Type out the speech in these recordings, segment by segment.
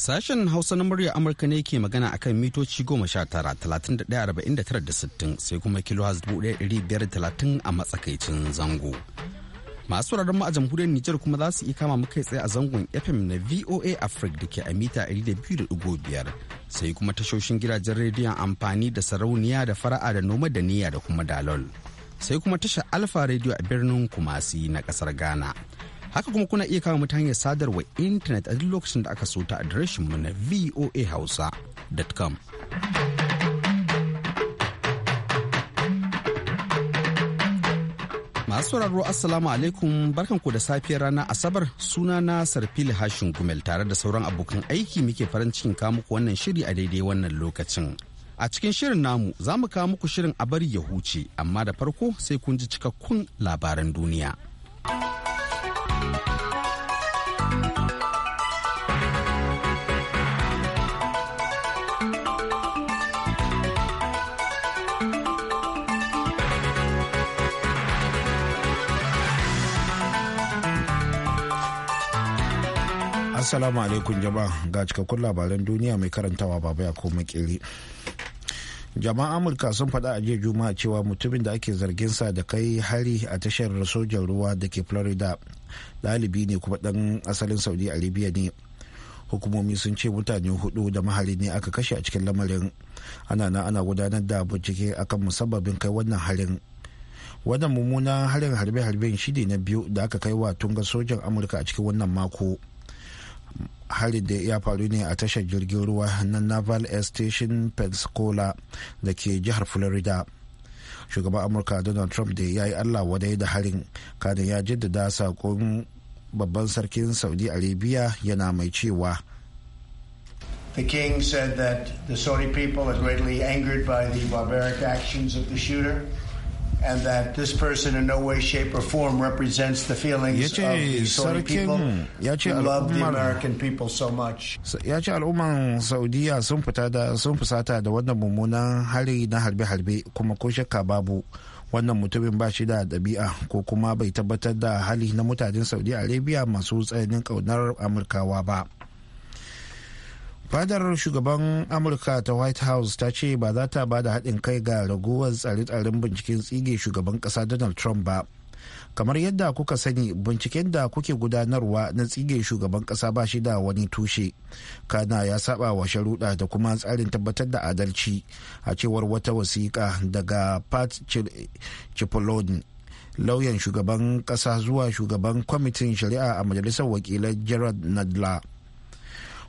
Sashen Hausa na murya Amurka ne ke magana akan mitoci goma sha tara talatin da ɗaya arba'in da tara da sittin sai kuma kilo dubu ɗaya ɗari biyar talatin a matsakaicin zango. Masu wuraren mu a jamhuriyar Nijar kuma za su iya kama mu kai tsaye a zangon FM na VOA Africa da ke a mita ɗari biyar sai kuma tashoshin gidajen rediyon amfani da sarauniya da fara'a da noma da niyya da kuma dalol. Sai kuma tasha Alfa rediyo a birnin Kumasi na ƙasar Ghana. Haka kuma kuna iya kama mu ta hanyar sadarwa intanet a duk lokacin da aka so ta adireshin mu na voahausa.com. Masu sauraro Assalamu alaikum barkanku da safiyar rana Asabar suna na Sarfili Hashin Gumel tare da sauran abokan aiki muke farin cikin muku wannan shiri a daidai wannan lokacin. A cikin shirin namu za mu kawo muku shirin a bari ya huce amma da farko sai kun ji cikakkun labaran duniya. Assalamu alaikum jama'a ga cikakkun labaran duniya mai karantawa baba ya koma kiri. jama'a Amurka sun faɗa a jiya Juma'a cewa mutumin da ake zargin sa da kai hari a tashar sojan ruwa da ke Florida ɗalibi ne kuma ɗan asalin Saudi Arabia ne. hukumomi sun ce mutane hudu da mahali ne aka kashe a cikin lamarin ana na ana gudanar da bincike akan musabbabin kai wannan harin wannan mummunan harin harbe-harben ne na biyu da aka kai wa tunga sojan amurka a cikin wannan mako da ya faru ne a tashar jirgin ruwa na naval air station pensacola da ke jihar florida shugaban amurka donald trump da ya yi allah wadai da harin kada ya jaddada babban sarkin saudi arabia yana mai cewa The king said that the Saudi people are greatly angered by the barbaric actions of the shooter. ya ce sarkin ya ce al'umman saudiya sun fusata da wannan mummunan hari na harbe-harbe kuma ko shakka babu wannan mutumin ba shi da ɗabi'a ko kuma bai tabbatar da hali na mutanen saudi arabia masu tsananin ƙaunar amurkawa ba. fadar shugaban amurka ta white house ta ce ba za ta ba da haɗin kai ga raguwar tsare-tsaren binciken tsige shugaban ƙasa donald trump ba kamar yadda kuka sani binciken da kuke gudanarwa na tsige shugaban ƙasa ba shi da wani tushe kana ya saba wa sharuɗa da kuma tsarin tabbatar da adalci a cewar wata wasiƙa daga pat cipollone lauyan shugaban ƙasa zuwa shugaban kwamitin shari'a a majalisar wakilai gerard nadler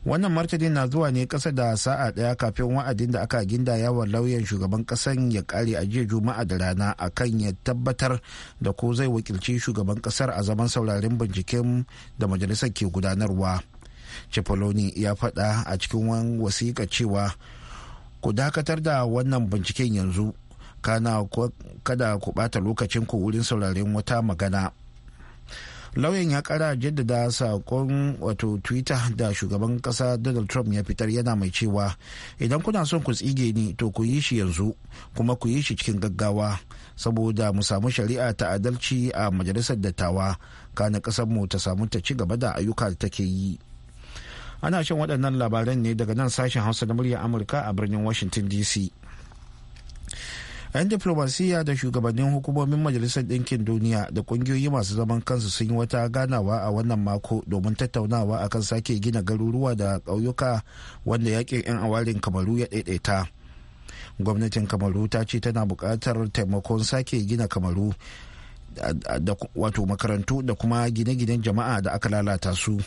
wannan martani na zuwa ne kasa da sa'a daya kafin wa'adin da aka ginda wa lauyan shugaban kasan ya kare a jiya juma'a da rana a kan ya tabbatar da ko zai wakilci shugaban kasar a zaman sauraren binciken da majalisar ke gudanarwa cipolloni ya faɗa a cikin wasiƙa cewa ku dakatar da wannan binciken yanzu kana kada ku ɓata lokacin ku wurin sauraren wata magana lauyan ya kara jaddada saƙon wato twitter da shugaban kasa donald trump ya fitar yana mai cewa idan kuna son ku tsige ni to ku yi shi yanzu kuma ku yi shi cikin gaggawa saboda mu samu shari'a ta adalci a majalisar dattawa kana kasar mu ta samu ta ci gaba da ayyuka da take yi ana shan waɗannan labaran ne daga nan sashen hausa na murya amurka a birnin washington dc 'yan diplomasiya da shugabannin hukumomin majalisar ɗinkin duniya da ƙungiyoyi masu zaman kansu sun yi wata ganawa a wannan mako domin tattaunawa akan sake gina garuruwa da ƙauyuka wanda yakin 'yan awarin kamaru ya ɗaiɗaita gwamnatin kamaru ta ce tana buƙatar taimakon sake gina kamaru wato makarantu da kuma gine-ginen jama'a da aka lalata su.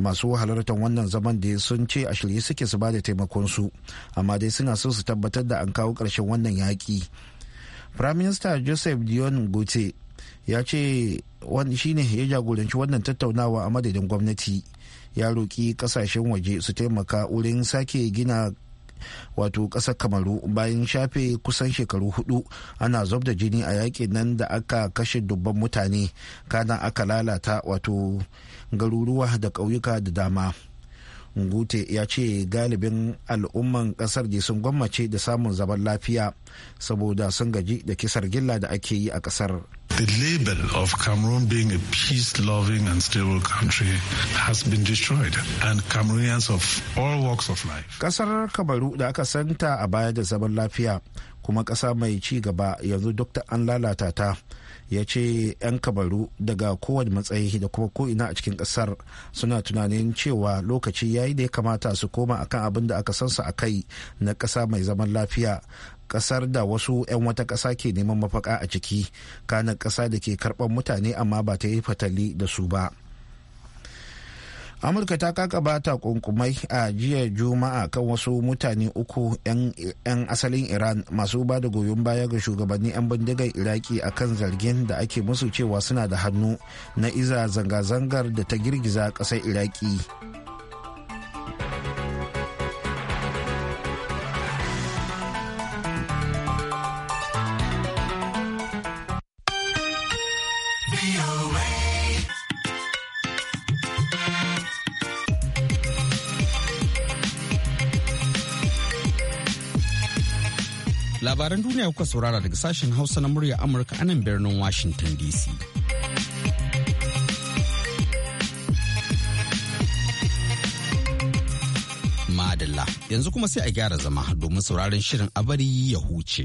masu halartar wannan zaman da sun ce a shirye suke su bada da su amma dai suna so su tabbatar da an kawo karshen wannan yaƙi prime minister joseph dion gote ya ce shine ya jagoranci wannan tattaunawa a madadin gwamnati ya roƙi ƙasashen waje su taimaka wurin sake gina wato ƙasar kamaru bayan shafe kusan shekaru hudu ana zub da jini a yaƙi nan da aka kashe dubban mutane kana aka lalata wato garuruwa da ƙauyuka da dama ngute ya ce galibin al'umman kasar je sun gwammace da samun zaman lafiya saboda sun gaji da kisar gilla da ake yi a kasar The label of Cameroon being a peace-loving and stable country has been destroyed, and Cameroonians of all walks of life. Kasar Kamaru da aka santa a baya da zaman lafiya, kuma kasa mai ci gaba yanzu duk an lalata ta. ya ce 'yan kabaru daga kowane matsayi da kuma ko'ina a cikin ƙasar suna tunanin cewa lokaci ya yi da ya kamata su koma akan abin da aka sansa a kai na ƙasa mai zaman lafiya ƙasar da wasu 'yan wata ƙasa ke neman mafaka a ciki kanan ƙasa da ke karɓar mutane amma ba ta yi fatali da su ba. amurka ta kaka ta kunkumai a jiya juma'a kan wasu mutane uku 'yan asalin iran masu ba da goyon baya ga shugabanni 'yan bindigar iraki a kan zargin da ake musu cewa suna da hannu na iza zanga-zangar da ta girgiza ƙasar iraki labaran duniya kuka saurara daga sashen hausa na murya amurka anan birnin washington dc madalla yanzu kuma sai a gyara zama domin sauraron shirin abari ya huce.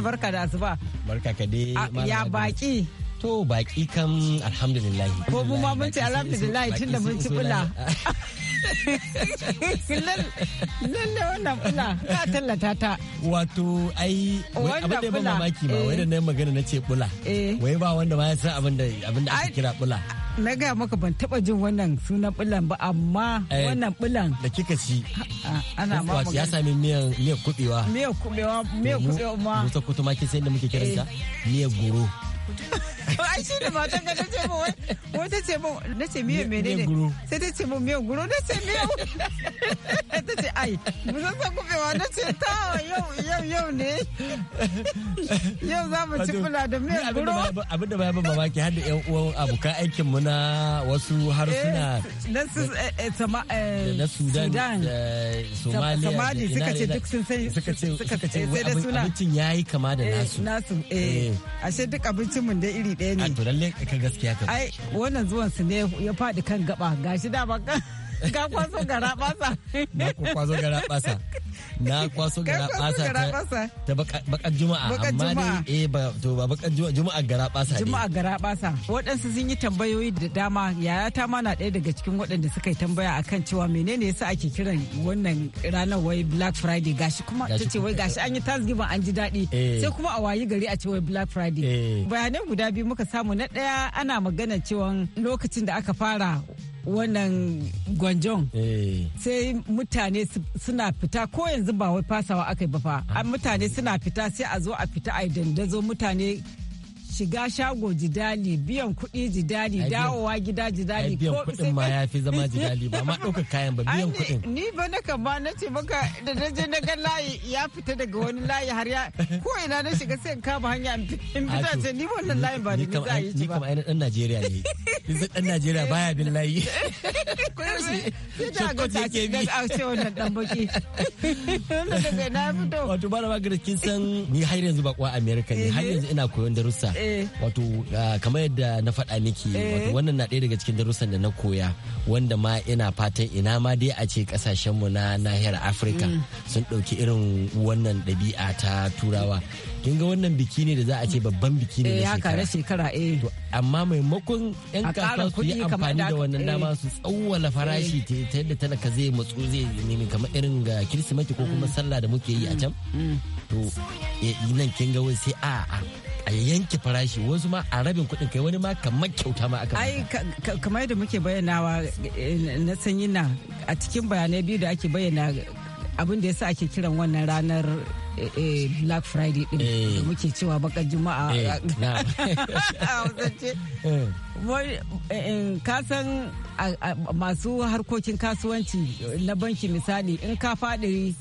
mana barka da zuba. Barka ka dai. Ya baki. To baki kam alhamdulillah. Ko mu ma mun ce alhamdulillah da mun ci bula. lalle wannan fula ka tallata ta wato ai abin da ban mamaki eh. na magana na ce eh. wai ba wanda ma ya san abin da kira na ga maka ban taba jin wannan sunan bulan ba amma eh, wannan bulan da kika ci ana ma ya sami miyan miyan kubewa miyan kubewa miyan ma musa kin san da muke kiranta miyan goro to ai shi da matan ka ce mu wata ce mu nace miyo menene sai tace mu miyo guro ce miyo tace ai mu san san kufewa nace ta yau yau yau ne yau za mu ci fula da miyo guro abinda ba ya ba mamaki har da yan uwan abokan aikin mu na wasu harsuna eh, eh, eh, na Sudan Somali suka ce duk sun sai suka ce abincin yayi kama da nasu nasu eh ashe duk abincin mun da iri ɗaya ne. to lalle ka gaskiya ka. Ai wannan zuwan su ne ya faɗi kan gaba gashi da ba Ga kwaso gara basa. Na kwaso gara basa. Na kwaso gara basa ta bakar juma'a. Amma dai eh ba to ba bakar juma'a juma'a gara basa ne. Juma'a gara basa. Waɗansu sun yi tambayoyi da dama yayata ma na ɗaya daga cikin waɗanda suka yi tambaya akan cewa menene yasa ake kiran wannan ranar wai Black Friday gashi kuma ta ce wai gashi an yi Thanksgiving an ji daɗi. Eh. Sai kuma a wayi gari a ce wai Black Friday. Eh. Bayanai guda biyu muka samu na ɗaya ana magana cewa lokacin da aka fara wannan gwanjon eh. sai mutane suna fita ko yanzu ba wai fasawa aka yi ba fa ah. mutane suna fita sai a zo a fita a dandazo mutane shiga shago jidali biyan kuɗi jidali dawowa gida jidali ko biyan kuɗin ma ya fi zama jidali ba ma ɗaukar kayan ba biyan kuɗin ni ba na kan ma na ce maka da na je na ga layi ya fita daga wani layi har ya ko ina na shiga sai in kama hanya in fita ce ni wannan layin ba da ni za a yi ba ni kam ainihin ɗan Najeriya ne ni ɗan Najeriya baya bin layi sai da ga ta ce a ce wannan dan baki wannan daga na fito wato ba da magana kin san ni har yanzu ba kwa America ne har eh, yanzu ina koyon darussa eh, Eh. wato ah, kamar yadda na faɗa miki eh. wato wannan na ɗaya daga cikin darussan da na koya wanda ma ina fatan ina ma dai a ce kasashenmu na nahiyar afirka mm. sun ɗauki irin wannan ɗabi'a ta turawa kin ga wannan biki ne da za a ce babban biki ne na eh, shekara amma maimakon yan kasuwa su yi amfani da wannan dama su tsawwala farashi ta yadda talaka zai matsu zai nemi kamar irin ga kirsimati ko kuma mm. sallah da muke yi a can mm. to nan kin ga sai a'a. a yanke farashi wasu ma a rabin kuɗin kai wani ma kamar kyauta ma aka ai kamar da muke bayyanawa eh, na sanyi na a cikin bayanai biyu da ake bayyana abin da yasa ake kiran wannan ranar Eh, eh, black friday din eh. da muke cewa bakar juma'a ka san masu harkokin kasuwanci na banki misali in ka faɗi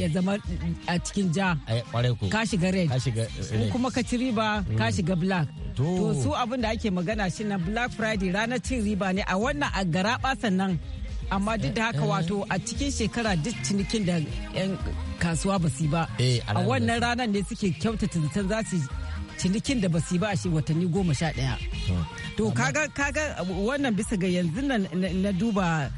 ya zama a cikin ja ka shiga red in kuma ka ci riba ka mm. shiga black to su abin da ake magana shi na black friday ranar cin riba ne a wannan a garaɓa sannan amma duk da haka wato a cikin shekara duk cinikin da 'yan kasuwa ba su ba eh, a wannan ranar ne suke kyautata zaton za su cinikin da ba su ba a shi watanni goma sha ɗaya to kaga wannan bisa ga yanzu nan na duba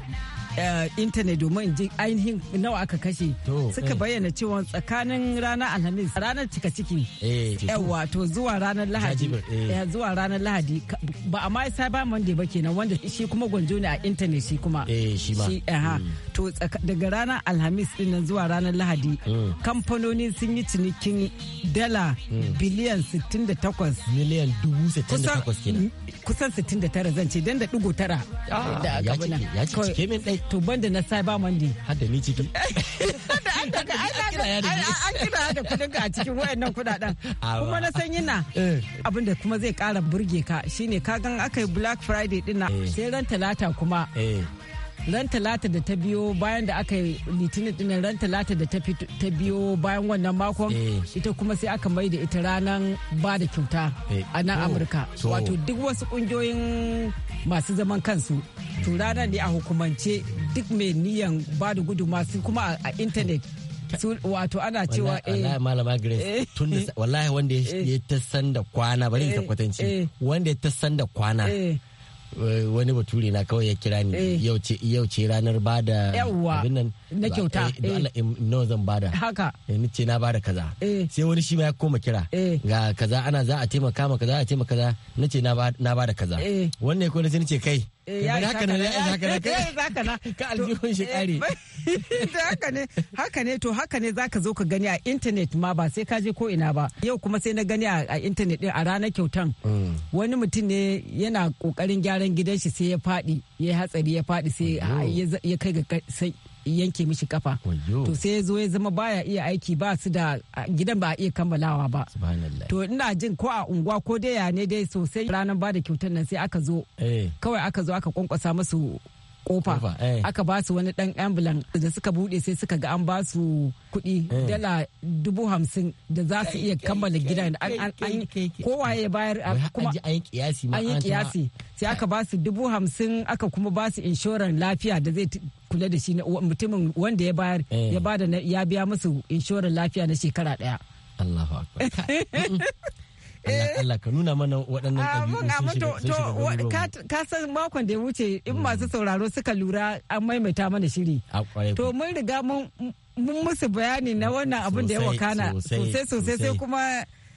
Eh, intanet domin ji ainihin nawa aka kashe suka eh. bayyana cewa tsakanin ranar alhamis ranar cika ciki eh, yawa to zuwa ranar lahadi zuwa ranar lahadi ba a ma ba monday ba kenan wanda shi kuma gwanjo ne a intanet shi kuma shi ba. to daga ranar alhamis dinnan zuwa ranar lahadi hmm. kamfanoni sun yi cinikin dala hmm. biliyan 68 miliyan 68 kusan 69 zan ce dan da digo tara ah, da gabana ya ci cike min dai to banda na ba monday har da ni ciki an kira da kudin ka a cikin wayannan kudaden kuma na san yana eh. abin da kuma zai kara burge ka shine ka gan aka yi black friday dinna eh. sai ran talata kuma eh. ran talata da ta biyo bayan da aka yi litinin dinnan ran talata da ta biyo bayan wannan makon eh. ita kuma sai aka mai da ita ranar ba da kyauta eh. a nan oh. amurka wato duk wasu kungiyoyin masu zaman kansu to ranar ne a hukumance duk mai niyan ba da gudu masu kuma a intanet oh. wato ana cewa eh wallahi malama grace eh. tun wallahi wanda ya ta da kwana bari ta kwatance wanda ya ta san da kwana Eh, wani bature na kawai ya kira ni eh. yau ce ranar bada abin nan na kyauta eh, nawa zan bada haka ni ce na bada kaza sai wani shi ma ya koma kira ga kaza ana za a taimaka ma kaza a taimaka kaza na ce na bada kaza wannan kone sai ni ce kai Eh, haka ne eh, haka ne haka ne to haka ne zaka zo ka gani a intanet ma ba sai ka je ko ina ba yau kuma sai na gani a intanet din a ranar kyautan mm. wani mutum ne yana kokarin gyaran gidan shi sai ya fadi ya hatsari ya faɗi sai ya kai ga yanke mishi kafa to sai zo ya zama baya iya aiki ba su da gidan ba a iya kammalawa ba to ina jin ko a unguwa ko dai ya ne dai sosai ranar ba da kyautar nan sai aka zo eh. kawai aka zo aka kwankwasa musu kofa eh. aka ba su wani dan ambulan da suka bude sai suka ga an ba su kudi eh. dala dubu hamsin da za su iya kammala gidan kowa ya bayar kuma an yi kiyasi sai aka ba su dubu hamsin aka kuma ba su inshoran lafiya da zai kula da shi mutumin wanda ya bayar eh. ya bada ya biya musu inshorar lafiya na shekara daya Allahu akbar eh. Allah ka nuna mana waɗannan ɗabi'u ka san makon da ya wuce in mm. masu sauraro suka lura an maimaita mana shiri to mun riga mun musu bayani na wannan abin da ya wakana sosai sosai sai kuma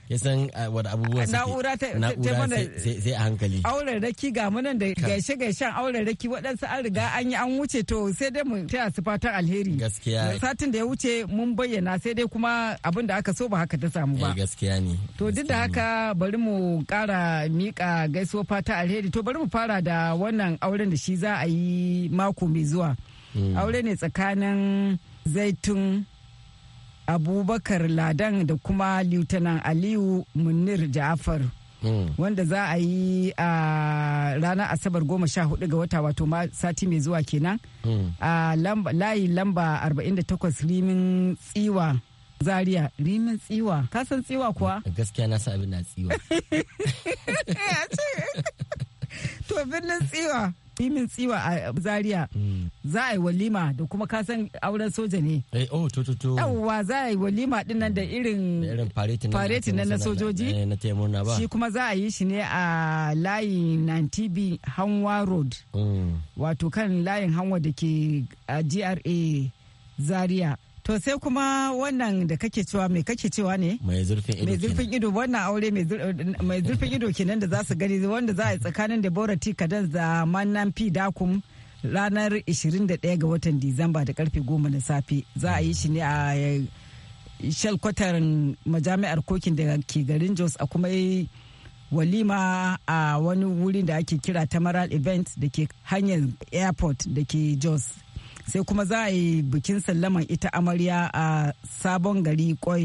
ya san uh, wani suke na'ura ta sai a hankali auren raki ga munan da gaishe gaishen auren raki waɗansu an riga an yi an wuce to sai dai mu taya su fatan alheri gaskiya satin da ya wuce mun bayyana sai dai kuma abin da aka so ba haka ta samu ba eh, gaskiya ne to duk da haka bari mu ƙara miƙa gaisuwa fata alheri to bari mu fara da wannan auren da shi za a yi mako mai zuwa hmm. aure ne tsakanin zaitun abubakar ladan da kuma lieutenant aliyu munir ja'afar hmm. wanda za a yi a ranar asabar goma sha hudu ga wata wato sati mai zuwa kenan hmm. a layi lamba 48 rimin tsiwa zaria rimin tsiwa kasan tsiwa kuwa gaskiya na sa abin na tsiwa to birnin tsiwa imin tsiwa a zaria hmm. za a yi walima da kuma kasan auren soja ne eh, oh, yawwa za a yi walima din nan da hmm. irin fareti nan na sojoji eh, shi kuma za a yi shi ne a layin nantibi hanwa road hmm. wato kan layin hanwa da ke a gra zaria To sai kuma wannan da kake cewa mai kake cewa ne? Mai zurfin ido. wannan aure mai zurfin ido kenan da za su gani wanda za a yi tsakanin Deborah T. Kadan da Manan P. Dakum ranar 21 ga watan Disamba da karfe 10 na safe. Za a yi shi ne a shalkwatar majami'ar kokin da ke garin Jos a kuma walima a wani wurin da ake kira Tamaral Event da ke hanyar airport da ke Jos. sai kuma za a yi bikin sallaman ita amarya a sabon gari kwai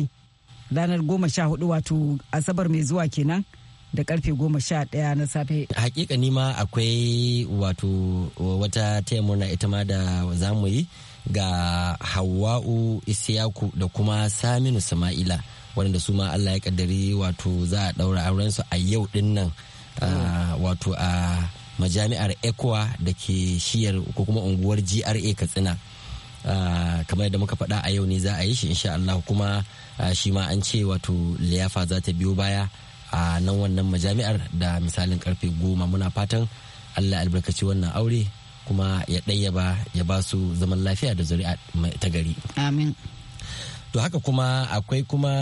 ranar goma sha hudu wato asabar mai zuwa kenan da karfe goma sha daya na safe hakika nima akwai wato wata taya murna ita ma da za mu yi ga hawa'u isiyaku da kuma saminu sama'ila wadanda su ma allah ya kaddari wato za a aurensu a yau dinnan. nan wato a majami'ar ecowa da ke shiyar ko kuma unguwar gra katsina ah, kamar yadda muka faɗa a yau ne za a yi shi insha Allah kuma ah, shi ma an ce wato liyafa za ta biyo baya a nan wannan majami'ar da misalin karfe goma muna fatan Allah albarkaci wannan aure kuma ya ɗayyaba ya ba su zaman lafiya da zuri'a ta gari. Amin. To haka kuma akwai kuma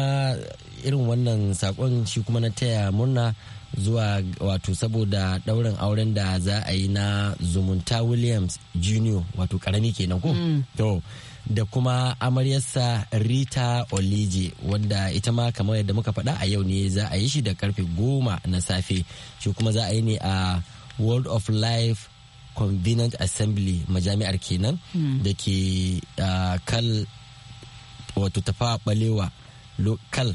irin wannan saƙon shi kuma na taya murna zuwa wato saboda ɗaurin auren da za a yi na zumunta williams jr wato karami kenan ko mm. to da kuma amaryarsa rita olije wanda ita ma kamar yadda muka faɗa a yau ne za a yi shi da karfe goma na safe shi kuma za a yi ne a world of life convenant assembly majami'ar kenan mm. da ke ah, kal wato tafa balewa kal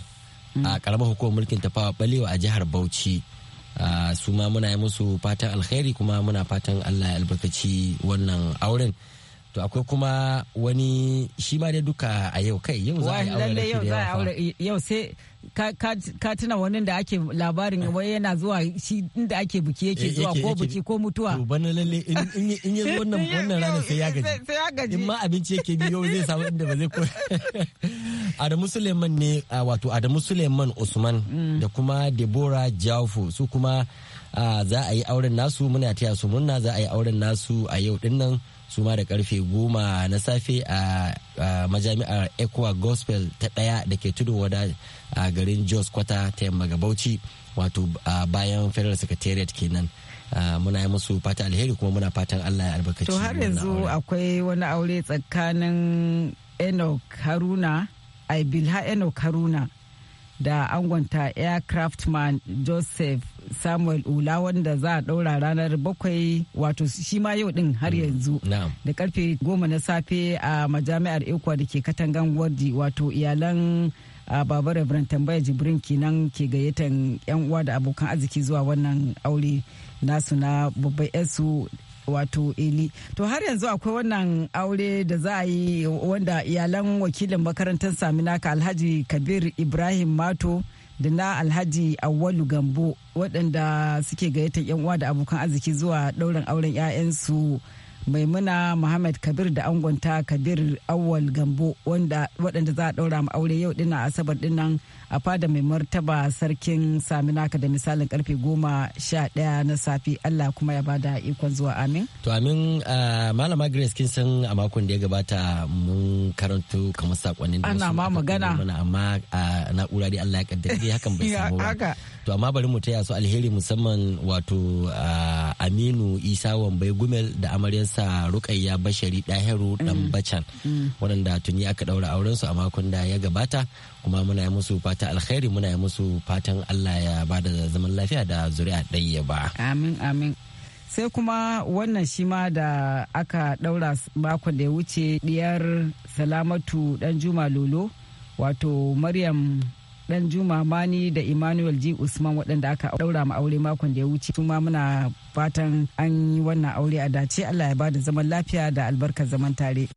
a karamar hukumar mulkin tafawa balewa a jihar bauchi su ma muna yi musu fatan alkhairi kuma muna fatan allah ya albarkaci wannan auren to akwai kuma wani shi ma dai duka a yau kai yau za a yi aure da yawa yau sai ka tuna wani da ake labarin eh. wai yana zuwa shi inda ake buki yake eh, zuwa ko buki ko mutuwa to bana lalle in ya wannan wannan ranar sai ya gaji in ma abinci yake bi yau zai samu inda ba zai ko Adamu Suleiman ne wato Adamu Suleiman Usman mm. da kuma Deborah jaufu su kuma za a yi auren nasu muna taya su murna za a yi auren nasu a yau dinnan. su ma da karfe goma na safe a majami'ar equa gospel ta ɗaya da ke tudu wada a garin jos kwata ta yamma ga bauchi wato bayan federal secretariat kenan muna yi musu fata alheri kuma muna fatan allah ya albarkaci to har yanzu akwai wani aure tsakanin enoch haruna ibil bilha enoch haruna da angonta man joseph samuel ula wanda za a ɗaura ranar bakwai wato shi ma yau din har mm. yanzu da karfe goma na safe a majami'ar ikwa da ke katangan wardi wato iyalan a baba reverend tambaya jibrin kenan ke gayyatan yan uwa da abokan arziki zuwa wannan aure nasu na babbar yarsu wato eli to har yanzu akwai wannan aure da za a yi wanda iyalan wakilin makarantar saminaka alhaji kabir ibrahim mato da na alhaji awalu gambo waɗanda suke gayyatar yan uwa da abokan arziki zuwa ɗaurin auren 'ya'yansu maimuna muhammad kabir da angonta kabir awal gambo wadanda waɗanda za a ɗaura mu aure yau dina asabar dinnan a fada mai martaba sarkin saminaka da misalin karfe goma sha ɗaya na safi allah kuma ya bada ikon zuwa amin to amin malama grace kin san a makon da ya gabata mun karanto kamar sakonnin da ana ma magana amma a na'ura dai allah ya kaddare hakan bai samu ba to amma bari mu taya su alheri musamman wato aminu isa wambai gumel da amaryarsa sa rukayya bashari mm. dan bacan mm. waɗanda tuni aka ɗaura auren su a makon da ya gabata kuma muna yi musu fata alkhairi muna yi musu fatan allah ya ba da zaman lafiya da zuri'a ɗaya ba amin amin sai kuma wannan shi ma da aka ɗaura makon da ya wuce ɗiyar salamatu dan juma lolo wato maryam dan juma mani da emmanuel g usman waɗanda aka ɗaura ma aure makon da ya wuce su muna fatan an yi wannan aure a dace Allah ya bada zaman lafiya da albarkar zaman tare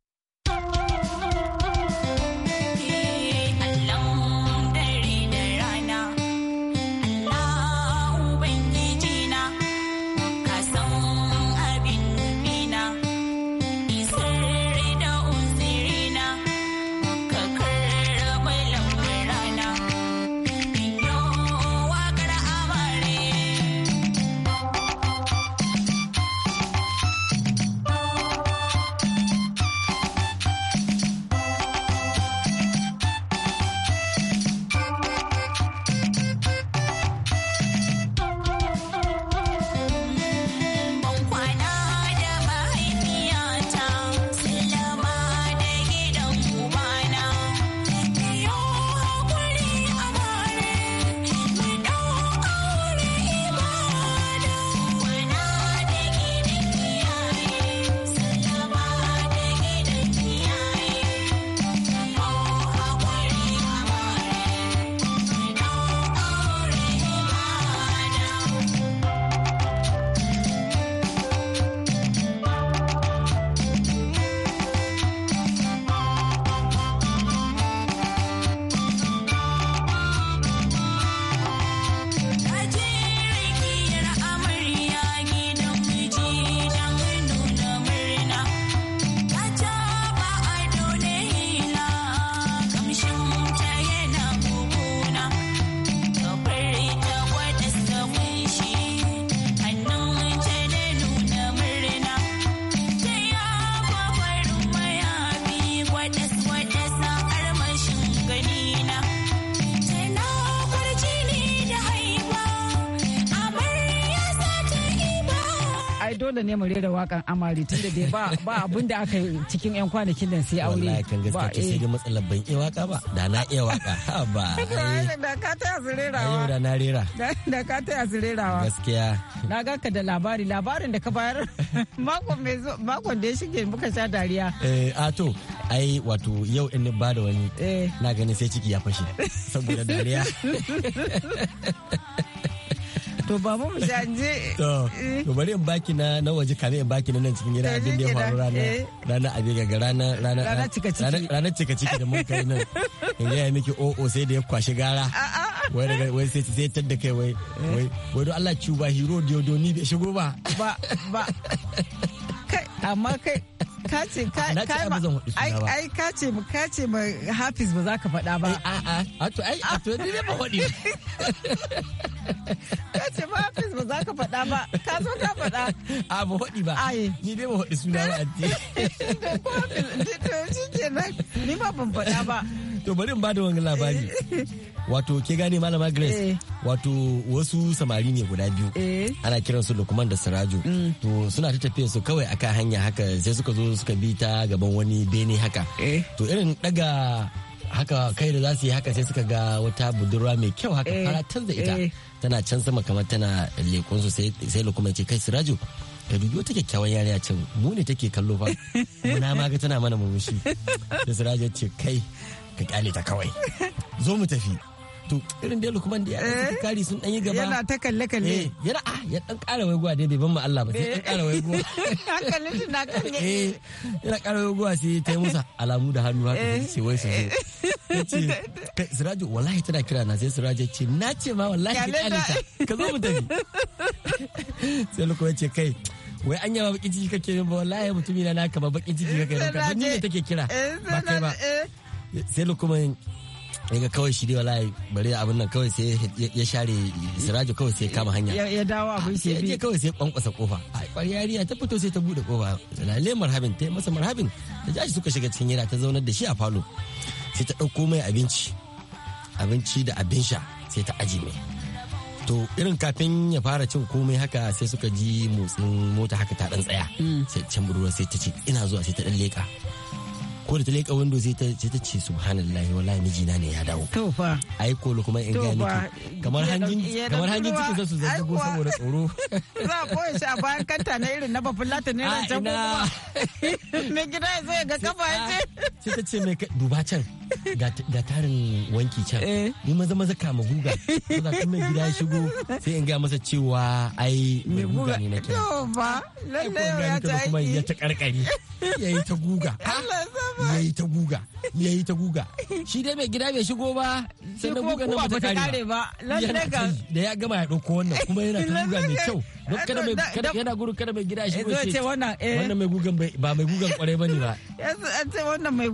dole ne mu rera wakan amari tun da ba ba abin da aka yi cikin yan kwanakin nan sai aure ba kan gaskiya ke sai eh. matsalar ban iya waka ba da na iya waka ba da ka ta su rerawa da na rera da ka ta su rerawa gaskiya na ga ka da labari labarin da ka bayar mako mai mako da ya shige muka sha dariya eh a to ai wato yau in ba da wani eh. na gani sai ciki ya fashe saboda dariya to ba mu mu shanje to bari in baki na na waje kame in baki na nan cikin gida abin da ya faru rana eh. rana abin ga rana rana rana cika ciki da mun kai nan in ga miki o oh, o oh, sai da ya kwashi gara ah, ah, ah. wai daga wai sai sai tadda kai wai eh. wai wai don Allah ciwa hero diodo ni bai shigo ba ba ba kai amma kai ka ce ka ai ka ce mu ka ce mu hafiz ba za ka faɗa ba eh, a a to ai a to ni ne ba faɗi ka ce ba hafiz ba za ka faɗa ba ka zo ka faɗa a ba faɗi ba ni ne ba faɗi suna ba anti to shi kenan ni ma ban faɗa ba to bari in ba da wani labari wato ke gane malama grace eh. wato wasu samari ne guda biyu eh. ana kiran su lukman da Siraju mm. to suna ta tafiya su kawai akan hanya haka sai suka zo suka bi ta gaban wani bene haka eh. to irin daga haka kai da za su yi haka sai suka ga wata budurwa mai kyau haka fara da ita tana can sama kamar tana lekun su sai lukman ce kai Siraju da dubi wata kyakkyawan yariya can mu ne take kallo fa muna ma ga tana mana murmushi da sarajo ce kai ka kyale ta kawai zo mu tafi to irin da eh? kari sun dan yi gaba yana ta kalle kalle eh, yana ah ya ƙara dai ban Allah ba sai dan ƙara hankalin eh, shi na ƙara sai ta alamu da hannu haka sai wai su siraju tana kira na sai siraju ce ma wallahi ki mu tafi sai ce kai wai an yaba bakin ciki kake ba wallahi mutumina na kama bakin ciki kake ba ne take kira ba kai ba sai ga kawai shi dai wallahi bari abin nan kawai sai ya share siraju kawai sai kama hanya ya dawo abin sai bi kawai sai kwankwasa kofa kwari yariya ta fito sai ta bude kofa lalle marhabin ta masa marhabin ta ja suka shiga cikin yana ta zaunar da shi a falo sai ta dauko mai abinci abinci da abin sha sai ta aji mai to irin kafin ya fara cin komai haka sai suka ji motsin mota haka ta dan tsaya mm. sai can sai ta ce ina zuwa sai ta dan leka ko da ta leƙa window sai ta ce subhanallahi wallahi mijina ne ya dawo to fa ai ko kuma in ga miki kamar hangin kamar hangin cikin zasu su zazzago saboda tsoro za a koyi shi a bayan kanta na irin na bafullata ne ran can kuma mai gida zai ga kafa ya ce sai ta ce mai duba can ga tarin wanki can eh. ni maza maza kama guga za kan mai gida ya shigo sai in gaya masa cewa ai mai guga ne na kira ba lalle ya ta kuma ya ta karkari yayi ta guga yayi ta guga yayi ta guga shi dai mai gida bai shigo ba sai na guga nan ba ta kare ba lalle ga da ya gama ya dauko wannan kuma yana ta guga mai kyau don kada mai kada yana gurin kada mai gida shi eh. ce wannan mai gugan eh, ba mai gugan kwarai bane ba yace wannan mai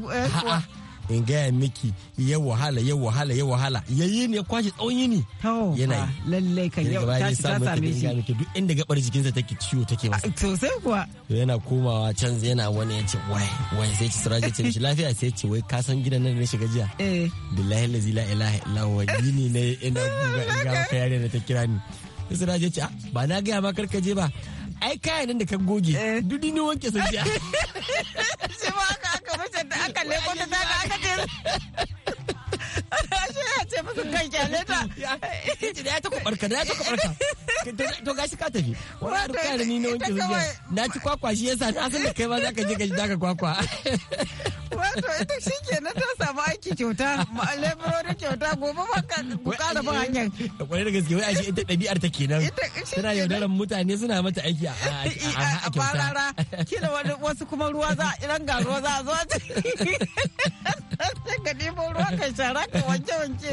in gaya miki ya wahala ya wahala ya wahala ya yi ne ya kwashe tsawon yini yana yi lallai kan yau ta same shi duk inda gabar jikinsa take ciwo take masa sosai kuwa to yana komawa can yana wani ya ce wai wai sai ci suraje ce mishi lafiya sai ce wai ka san gidan nan na shiga jiya eh billahi la ilaha illallah wa yini ne ina guga in ga maka yare da ta kira ni sai suraje ce ah, ba na gaya ma karka je ba ai kayan nan da ka goge eh. duk ni wanke sun jiya shi ma mace da aka leko ta ta da aka ce ashe ya ce musu kan kyale ta ya ta kubarka da ya ta kubarka to ka tafi wani ni na wanke na ci kwakwa shi yasa na san da kai ma za ka je ka kwakwa wato ita eh, shi kenan ta samu aiki kyauta leburori kyauta gobe ba ka kara ba hanyar kwarai da gaske wai ashe ita ɗabi'ar ta kenan tana yaudaran mutane suna mata aiki a kyauta kila wasu kuma ruwa za a iran ga ruwa za a zo a ka nemo ruwa ka shara ka wanke wanke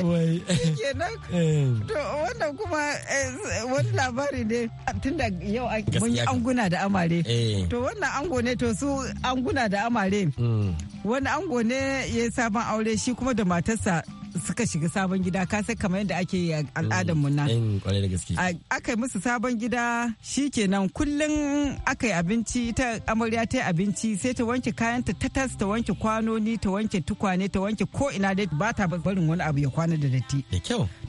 kenan eh. to wannan kuma eh, wani labari ne tunda yau mun yi anguna da amare to wannan ango ne to su anguna da amare hmm. wani ango ne ya yi sabon aure shi kuma da matarsa suka shiga sabon gida ka sai kamar yadda ake yi al'adar mu na mm, mm, aka yi musu sabon gida shi kenan kullum aka yi abinci ta amarya ta yi abinci sai ta wanke kayanta ta tas ta wanke kwanoni ta wanke tukwane ta wanke ko ina dai ba ta barin wani abu ya kwana da datti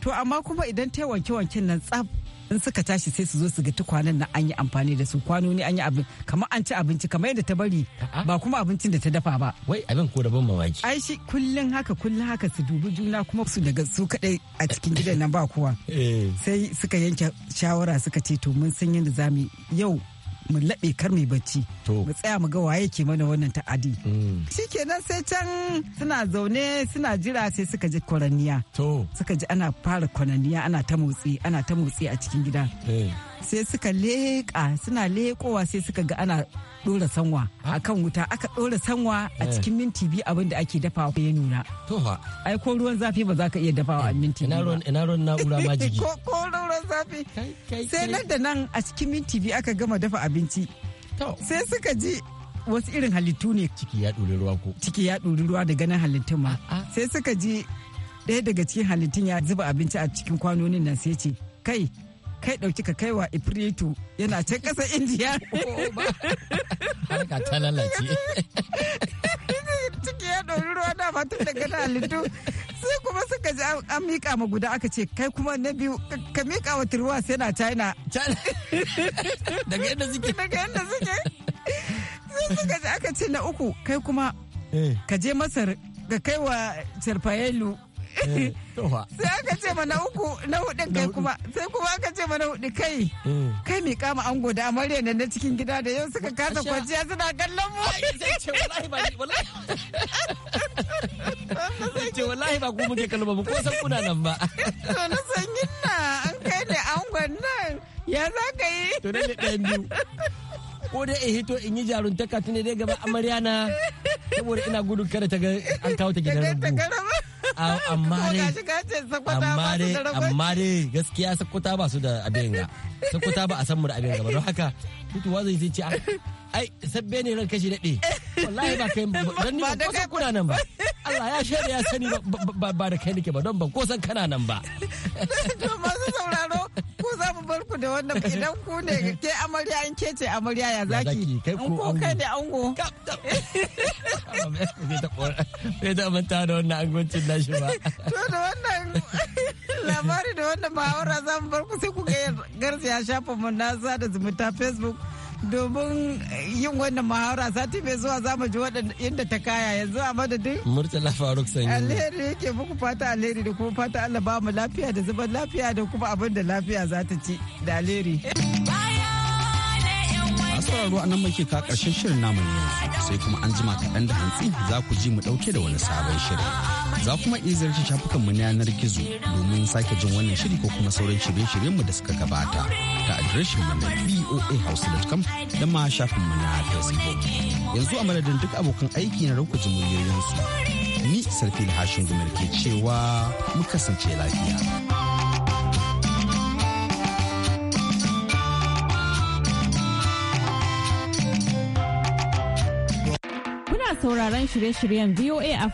to amma kuma idan ta wanke wanken nan tsaf in suka tashi sai su zo su ga tukwanen na an yi amfani da su kwanoni an yi abin kamar an ci abinci kamar yadda ta bari ba kuma abincin da ta dafa ba wai abin ko da ban mamaki ai shi kullun haka kullun haka su dubi juna kuma su daga su kadai a cikin gidan nan ba kowa eh. sai suka yanke shawara suka ce to mun san yadda zamu yau mu laɓe kar mai bacci mu tsaya mu ga waye ke mana wannan ta'adi mm. shikenan sai can suna zaune suna jira sai suka ji kwaranniya suka ji ana fara kwaranniya ana ta motsi ana ta motsi a cikin gida eh. sai suka leƙa suna leƙowa sai suka ga ana ɗora sanwa a kan wuta aka ɗora sanwa a eh. cikin minti biyu abin da ake dafawa ya nuna. Tofa. Ai ko ruwan zafi ba za ka iya dafawa a eh. minti biyu. Ina ruwan na'ura ma jiki. Ko ruwan zafi. Sai nan da nan a cikin minti biyu aka gama dafa abinci. Sai suka ji wasu irin halittu ne. Ciki ya ɗori ruwa ko. Ciki ya ɗori ruwa da ganin halittun ma. Sai suka ji ɗaya daga cikin halittun ya zuba abinci a cikin kwanonin nan sai ce kai kai dauki ka kaiwa ifritu yana can ƙasa indiya harka ta lalace ciki ya ɗauri ruwa da fatan daga na halittu sai kuma suka ji an miƙa ma guda aka ce kai kuma na biyu ka miƙa wa turuwa sai na china daga yadda suke daga yadda suke sai suka ji aka ce na uku kai kuma eh. ka je masar ga kai wa sarfayelu Eh, sai aka ce ma na uku na hudun kai kuma sai kuma aka ce ma na hudu kai eh. kai mai kama ango da amarya da na cikin gida da yau suka kasa kwanciya suna kallon mu ce wallahi ba ku muke kallon ba ko san kuna nan ba to na san yinna an kai ne angon nan ya za ka yi to ne ɗayan biyu ko dai in hito in yi jaruntaka tun dai gaba amarya na saboda ina gudun kada ta ga an kawo ta gidan rubu amma dai amma dai gaskiya sakwata ba su da abin ga sakwata ba a san mu da abin ga ba don haka mutuwa zai zai ce ah, ai sabbe ne ran kashi daɗe wallahi ba kai don ni ba san kuna nan ba Allah ya shaida ya sani ba da kai nake ba don ban ko san kana nan ba to masu sauraro bar ku da wannan idan ku ne ke amarya in ke ce amarya ya zaki in ko kai ne ango bai da manta da wannan angoncin shi ba to da wannan labari da wannan ma'aura zan bar ku sai ku ga garziya shafin mu na sada zumunta facebook domin yin wannan muhawara sati mai zuwa za mu ji inda ta kaya yanzu a madadin murtala faruk sanyi alheri yake muku fata alheri da kuma fata allah ba mu lafiya da zuban lafiya da kuma abin da lafiya za ta ci da alheri sauraro a nan muke ka karshen shirin namu ne sai kuma an jima kaɗan da hantsi za ku ji mu ɗauke da wani sabon shirin. Za kuma iya ziyarci shafukanmu na yanar gizo domin sake jin wannan shiri ko kuma sauran shirye-shiryenmu da suka gabata ta mu na voahouse.com da ma shafinmu na Facebook. Yanzu a madadin duk abokan aiki na rauka su Ni da Hashin Gumar ke cewa mu kasance lafiya. sauraron shirye-shiryen VOA Africa.